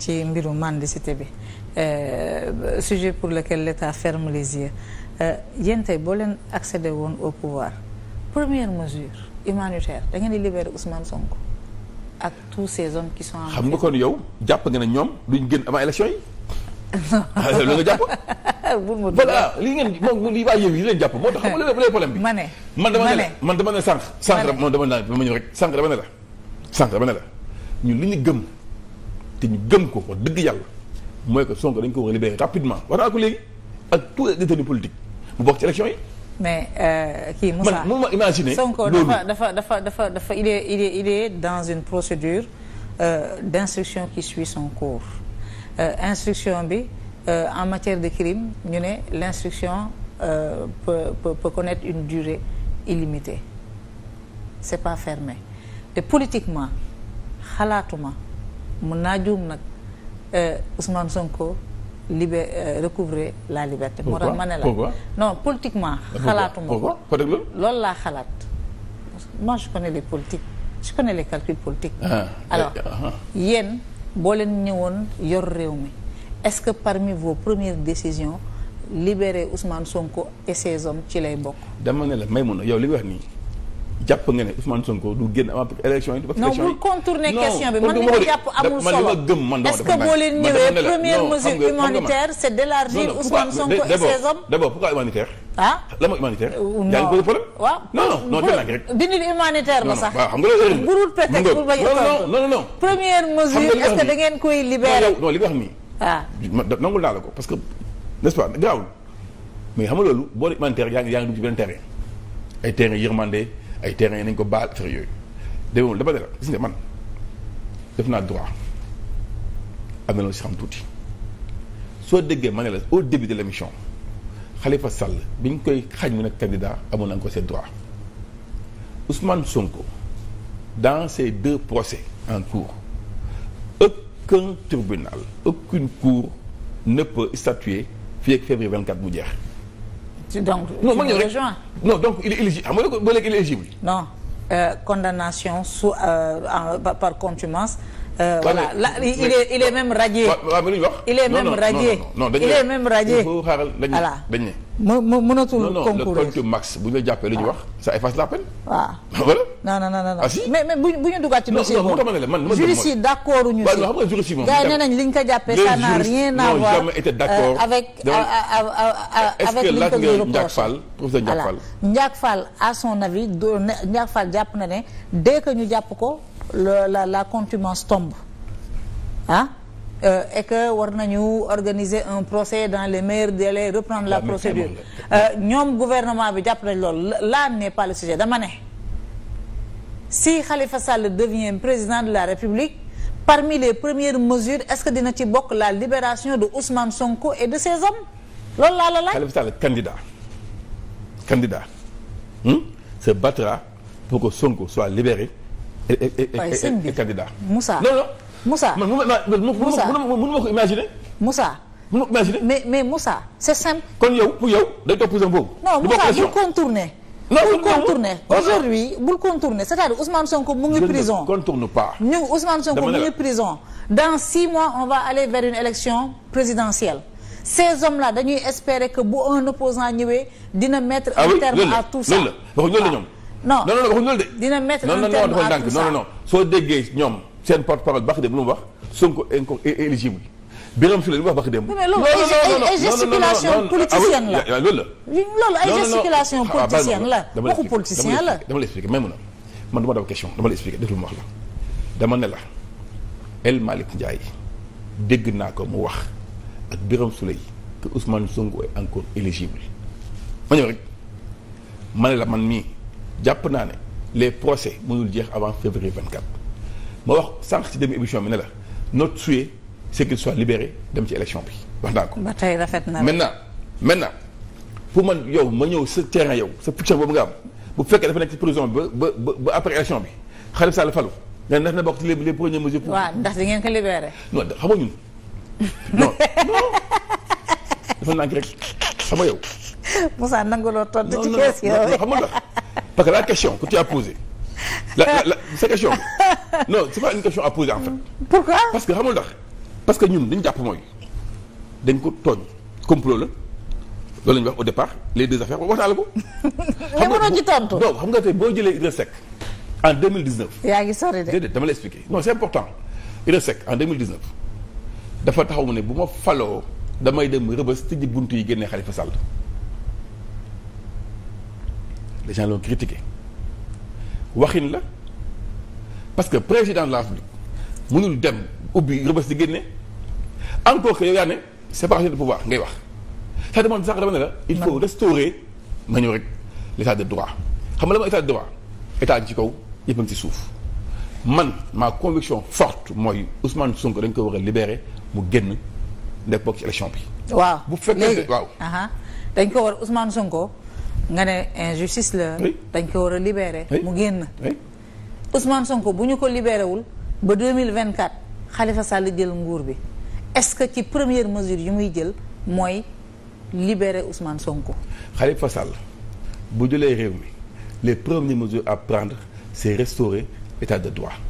ci mbiru mendicité bi euh, sujet pour lequel l'État ferme les yeux euh, yéen tey boo leen accédé woon au pouvoir première mesure humanitaire da ngeen di libérer Ousmane Sonko ak tous ces hommes qui sont. xam nga kon yow jàpp nga ne ñoom duñ gën avant élection yi. Ah, loolu nga jàpp. bul ma voilà li ngeen moom lii waa yi jàpp moo tax xam nga léegi problème bi. ma ne man dama ne man dama ne sànq. sànq dama ne la dama ñëw rek sànq dama ne la. sànq dama ñu gëm. te ñu gëm ko wax dëgg yàlla mooy que Sonko dañ ko war a libérer rapidement wax naa ko léegi ak tous les détenus politiques mu bokk ci élection yi. mais euh, kii euh, Moussa man moom ma imaginer. Sonko dafa dafa dafa dafa dafa il est il est dans une procédure euh, d' instruction qui suit son cours euh, instruction bi euh, en matière de crime ñu ne l' instruction euh, peut, peut une durée illimitée c' est pas fermé te politiquement xalaatuma. mën naa juum nag euh, Ousmane Sonko libé euh, recouvrer la liberté. moo tax ma ne la non politiquement. xalaatuma ko loolu laa xalaat. moi je connais les politiques je connais les calculs politiques. Ah, ah, alors ah. yéen boo leen ñëwoon yor réew mi est-ce que parmi vos premières décisions libérer Ousmane Sonko et ses ci lay bokk. dama ne la may mun a yow li wax nii. jàpp nga ne Ousmane Sonko du génn avant élection yi. non bu contourner question bi. man li ma jàpp amul solo man li ma gëm man est-ce que boo leen ñëwee première mesure humanitaire c'est d'élargir Ousmane Sonko et ses hommes. d'abord pourquoi humanitaire. ah la ma humanitaire. non euh, yaa ngi posé problème. waaw non non non teel rek. bindil humanitaire ba sax. waaw xam nga loolu yëpp burul prétexte pour bañ a tontu. non non non première mesure est-ce que da ngeen koy libérer. non li nga wax nii. waaw ah. nangul naa la ko parce que n'est-ce pas gaawul mais xam nga loolu boo humanitaire yaa ngi yaa ngi dugg ci benn terrain ay terrain yërmande ay terrain yi nañ ko baal affaire yooyu déggoo dama ne la gis ne man def naa droit am na loo si xam tuuti soo déggee ma ne la au début de l'émission xalifa Sall bi ñu koy xaj mu nekk candidat amoon na ko seen droit usman Sonko dans ces deux procès en cours aucun tribunal aucune cour ne peut statuer fii ak février 24 bu jeex donc non man non donc il est éligible xam nga ba léegi il est éligible. non euh, condamnation sous euh, par contumace. Euh, voilà la il est il est même radié. waaw waaw wax. il est même radié non il est même radié. xaaral dañ ne dañ ne. mënatul concourir non non non non ah, mais mais bu bu ñu duggaat ci dossier boobu. non juriste yi d' accord ñu si. waaw xam nga juriste yi moom. gars yi nee nañ li n' a rien à voir euh, avec euh, eh, avec li a reproché. voilà Ndiak Fall à son jàpp na ne dès que ñu jàpp ko. la la la contumace tombe ah euh, et que war nañu organiser un procès dans les meilleurs délais reprendre la, la procédure euh, ñoom gouvernement bi jàpp nañ loolu là n'est pas le sujet dama ne si Khalifa Sall devient président de la République parmi les premières mesures est-ce que dina ci bokk la libération de Ousmane Sonko et de ses hommes loolu laa la laaj. Khalifa Sall candidat candidat hmm? se battra pour que Sonko soit libéré Eh, eh, eh, waaye sëñ non non Moussa man mënu ma ko imaginer Moussa mënu ma ko imaginer mais mais Moussa c'est simple kon yow pour yow day topp position non Moussa bul contourner bul contourner aujourd'hui bul contourner c'est-à-dire Ousmane Sonko mu ngi prison contourne pas ñu Ousmane Sonko mu ngi prison dans six mois on va aller vers une élection présidentielle ces hommes là dañuy espérer que bu un opposant ñëwee dina mettre ah un à tout ça loolu la ñoom non non non waxuñu loolu de. dina mettre non non non dafa ndànk non non non soo déggee ñoom seen porte parole baax de bu mu wax Sonko éligible Birame Souleye li mu wax baax de. Ah loolu ay gesticulation ah, ah, politicienne la loolu la. loolu ay gesticulation politicienne la waxu politicien la. dama la expliqué même na man dama daw question dama la expliqué déglu ma wax la dama ne la El Malick Ndiaye dégg naa ko mu wax ak Birame Souleye que Ousmane Sonko est encore éligible ma ñëw rek ma ne la man mii. jàpp naa ne les procès mënul jeex avant février 24 ma wax sànq ci dem émission bi ne la notre souhait c'est qu'il soit libéré dem ci élection bi wax naa ko. ba tey rafet na maintenant maintenant pour man yow ma ñëw sa terrain yow sa picc boobu nga am bu fekkee dafa nekk ci prison bi ba ba ba après élection bi Khalifa Sall falu nga ne na bokk ci les les premières mesures. waaw ndax di ngeen ko libéré. non xam ñun non non yow. Moussa nangu loo tontu ci kees parce que la question ko tu as posée. la la la sa question non c'est pas une question à poser en fait. parce que xamul ndax parce que ñun li ñu jàpp mooy dañ ko tooñ complot loolu la ñuy wax au départ les deux affaires wax naa la ko. xam xam nga tey boo jëlee Idrissa Seck en 2019. yaa ngi sori de déedéet dama la expliquer non c'est important Idrissa Seck en 2019 dafa taxaw mu ne bu ma faloo damay dem rëbës tijji bunt yi génnee Khalifa Sall. les gens l'ont critiqué waxin la parce que président de la République mënul dem ubbi rëbës di génne encore que yow yaa ne séparation de pouvoir ngay wax ça demande sax dama ne la il faut restaurer nañu rek l'état de droit xam nga la ma état de droit état ci kaw yëpp a ci suuf man ma conviction forte mooy Ousmane Sonko dañ ko war a libérer mu génn nekk bokk ci élection bi. waaw bu fekkee waaw. dañ ko war Ousmane Sonko. nga ne injustice la. dañ ko war a libeere mu génn. Ousmane Sonko bu ñu ko libéré ba deux mille vingt quatre Khalifa Sall jël nguur bi est-ce que ci première mesure yu muy jël mooy libérer Ousmane Sonko. Khalifa Sall bu jëlee réew mi les premières mesures à prendre c'est restaurer l'état de droit.